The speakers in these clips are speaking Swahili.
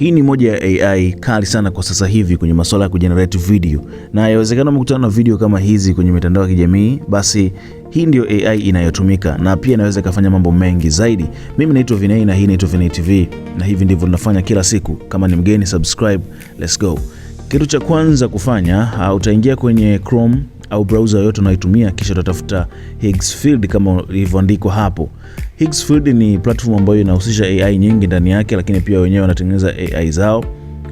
Hii ni moja ya AI kali sana kwa sasa hivi kwenye masuala ya kujenerate video, na yawezekana umekutana na video kama hizi kwenye mitandao ya kijamii, basi hii ndio AI inayotumika na pia inaweza ikafanya mambo mengi zaidi. Mimi naitwa Vinei na hii naitwa Vinei TV na hivi ndivyo tunafanya kila siku. Kama ni mgeni, subscribe, let's go. Kitu cha kwanza kufanya, ah, utaingia kwenye Chrome au browser yoyote unaitumia, kisha utatafuta Higgs Field kama ilivyoandikwa hapo. Higgs Field ni platform ambayo inahusisha AI nyingi ndani yake, lakini pia wenyewe wanatengeneza AI zao.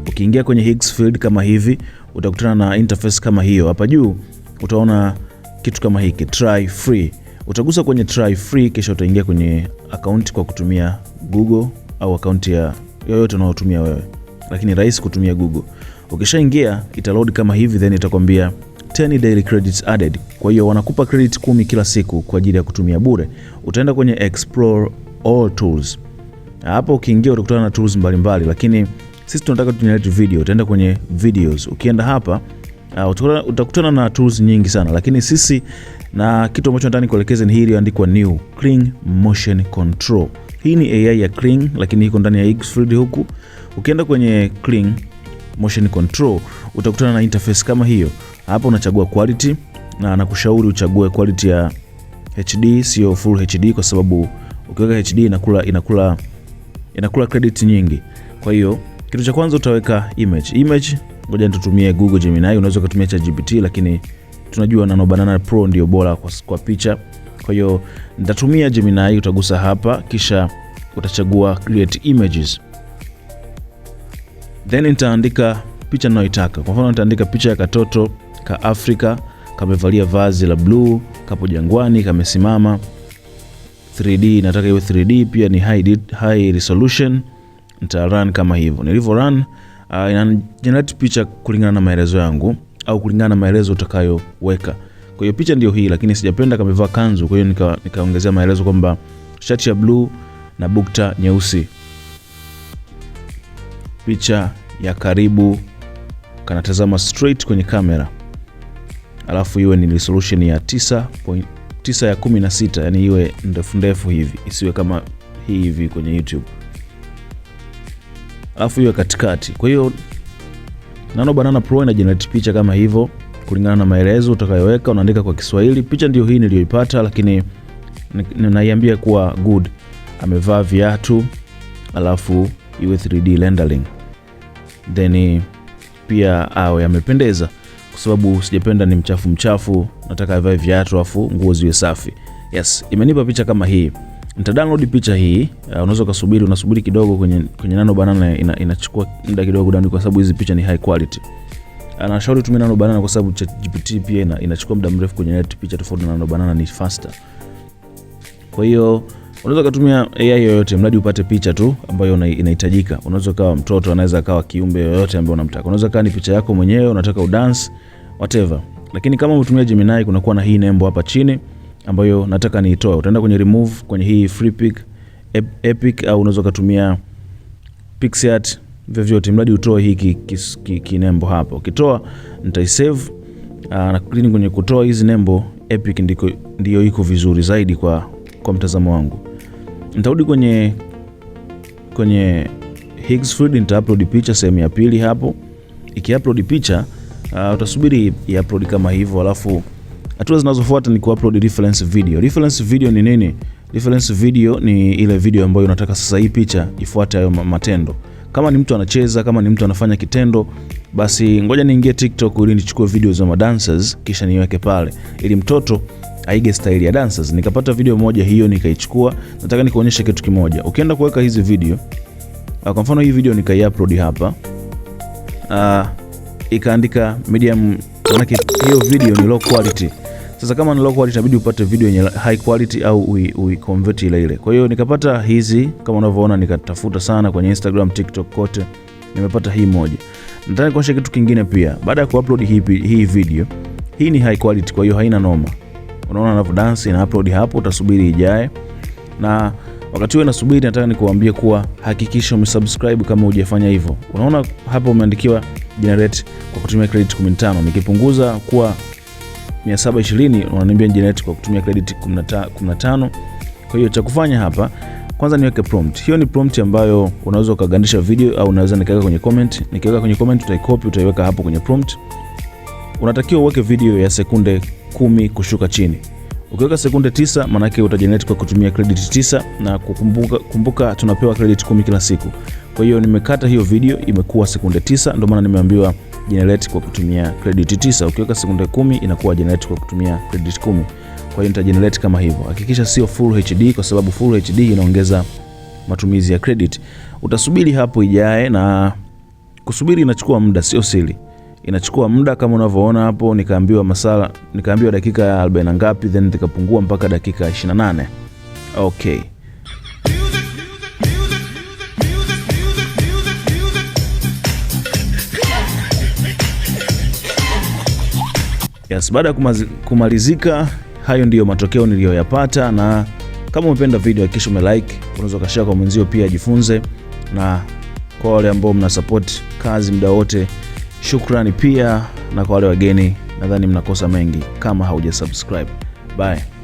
Ukiingia kwenye Higgs Field kama hivi, utakutana na interface kama hiyo. Hapa juu utaona kitu kama hiki try free. Utagusa kwenye try free, kisha utaingia kwenye akaunti kwa kutumia Google au akaunti ya yoyote unayotumia wewe, lakini rahisi kutumia Google. Ukishaingia ita load kama hivi, then itakwambia 10 daily credits added. Kwa hiyo wanakupa credit kumi kila siku kwa ajili ya kutumia bure. Utaenda kwenye explore all tools. Hapo ukiingia utakutana na tools mbalimbali mbali, lakini sisi tunataka tugenerate video. Utaenda kwenye videos. Ukienda hapa uh, utakutana na tools nyingi sana, lakini sisi na kitu ambacho nataka nikuelekeze ni hii iliyoandikwa new Kling Motion Control. Hii ni AI ya Kling lakini iko ndani ya Xfluid huku. Ukienda kwenye Kling Motion Control utakutana na interface kama hiyo. Hapo unachagua quality na nakushauri uchague quality ya HD, sio full HD kwa sababu ukiweka HD inakula, inakula, inakula credit nyingi. Kwa hiyo kitu cha kwanza utaweka image. Image ngoja nitutumie Google Gemini, unaweza ukatumia ChatGPT lakini tunajua Nano Banana Pro ndio bora kwa, kwa picha. Kwa hiyo nitatumia Gemini, utagusa hapa kisha utachagua create images. Then nitaandika picha ninayoitaka. Kwa mfano nitaandika picha ya katoto ka Afrika kamevalia vazi la bluu, kapo jangwani, kamesimama 3D, nataka iwe 3D pia ni high, high resolution. Nita run kama hivyo nilivyo run uh, ina generate picha kulingana na maelezo yangu au kulingana na maelezo utakayoweka. Kwa hiyo picha ndio hii, lakini sijapenda kamevaa kanzu, kwa hiyo nikaongezea nika maelezo kwamba shati ya bluu na bukta nyeusi. Picha ya karibu, kanatazama straight kwenye kamera alafu iwe ni resolution ya 9.9 ya 16, yani iwe ndefu ndefu hivi, isiwe kama hii hivi kwenye YouTube, alafu iwe katikati. Kwa hiyo Nano Banana Pro ina generate picha kama hivyo kulingana na maelezo utakayoweka, unaandika kwa Kiswahili. Picha ndio hii niliyoipata, lakini ninaiambia kuwa good, amevaa viatu, alafu iwe 3D rendering, then pia awe amependeza kwa sababu sijapenda ni mchafu mchafu, nataka avae viatu afu nguo ziwe safi. Yes, imenipa picha kama hii. Nita download picha hii. Uh, unaweza ukasubiri, unasubiri kidogo kwenye, kwenye Nano Banana ina, inachukua muda kidogo ndani kwa sababu hizi picha ni high quality. Anashauri uh, tumie Nano Banana kwa sababu ChatGPT pia ina, inachukua muda mrefu kwenye picha tofauti na Nano Banana ni faster. Kwa hiyo Unaweza kutumia AI yoyote mradi upate picha tu ambayo inahitajika. Unaweza kawa mtoto, anaweza kawa kiumbe yoyote ambaye unamtaka. Unaweza kawa ni picha yako mwenyewe, unataka udance whatever. Lakini kama umetumia Gemini, kunakuwa na hii nembo hapa chini ambayo nataka niitoe. Utaenda kwenye remove, kwenye hii free pick epic au unaweza kutumia pixart vyovyote mradi utoe hiki kinembo ki, ki hapo. Ukitoa nitaisave ah, na kwenye kutoa hizi nembo epic ndiko, ndiyo iko vizuri zaidi kwa, kwa mtazamo wangu nitarudi kwenye kwenye Higgs nitaupload picha sehemu ya pili hapo. Ikiupload picha uh, utasubiri iupload kama hivyo, alafu hatua zinazofuata ni kuupload reference video. Reference video ni nini? Reference video ni ile video ambayo unataka sasa hii picha ifuate hayo matendo. Kama ni mtu anacheza, kama ni mtu anafanya kitendo, basi ngoja niingie TikTok ili nichukue video za madancers kisha niweke pale ili mtoto aige style ya dancers. Nikapata video moja hiyo nikaichukua, nataka nikuonyeshe kitu kimoja. Ukienda kuweka hizi video, ah, kwa mfano hii video nikai upload hapa, uh, ikaandika medium, maana hiyo video ni low quality. Sasa kama ni low quality inabidi upate video yenye high quality au ui, ui convert ile ile. Kwa hiyo nikapata hizi kama unavyoona, nikatafuta sana kwenye Instagram, TikTok kote nimepata hii moja. Nataka kuonyesha kitu kingine pia. Baada ya kuupload hii, hii video, hii ni high quality, kwa hiyo haina noma unaona dance na upload hapo, utasubiri ijae. Na wakati huo nasubiri, nataka nikuambie kuwa hakikisha umesubscribe kama hujafanya hivyo. Unaona hapo umeandikiwa generate kwa kutumia credit 15, nikipunguza kuwa 720 unaniambia generate kwa kutumia credit 15. Kwa hiyo cha kufanya hapa kwanza niweke prompt. Hiyo ni prompt ambayo unaweza ukagandisha video au unaweza nikaweka kwenye comment. Nikiweka kwenye comment, utaikopi utaiweka hapo kwenye prompt. Unatakiwa uweke video ya sekunde kumi kushuka chini. Ukiweka sekunde tisa maanake utajenereti kwa kutumia credit tisa na kukumbuka, kumbuka tunapewa credit kumi kila siku. Kwa hiyo nimekata hiyo video imekuwa sekunde tisa ndio maana nimeambiwa generate kwa kutumia credit tisa. Ukiweka sekunde kumi inakuwa generate kwa kutumia credit kumi. Kwa hiyo nitajenereti kama hivyo. Hakikisha sio full HD kwa sababu full HD inaongeza matumizi ya credit. Utasubiri hapo ijae na kusubiri inachukua muda, sio siri inachukua muda kama unavyoona hapo, nikaambiwa masala, nikaambiwa dakika ya 40 na ngapi, then nikapungua mpaka dakika 28. Okay. Yes, baada ya kumalizika hayo ndiyo matokeo niliyoyapata, na kama umependa video hakikisha umelike, unaweza kashare kwa mwenzio pia ajifunze, na kwa wale ambao mna support kazi muda wote Shukrani pia na kwa wale wageni, nadhani mnakosa mengi kama haujasubscribe. Bye.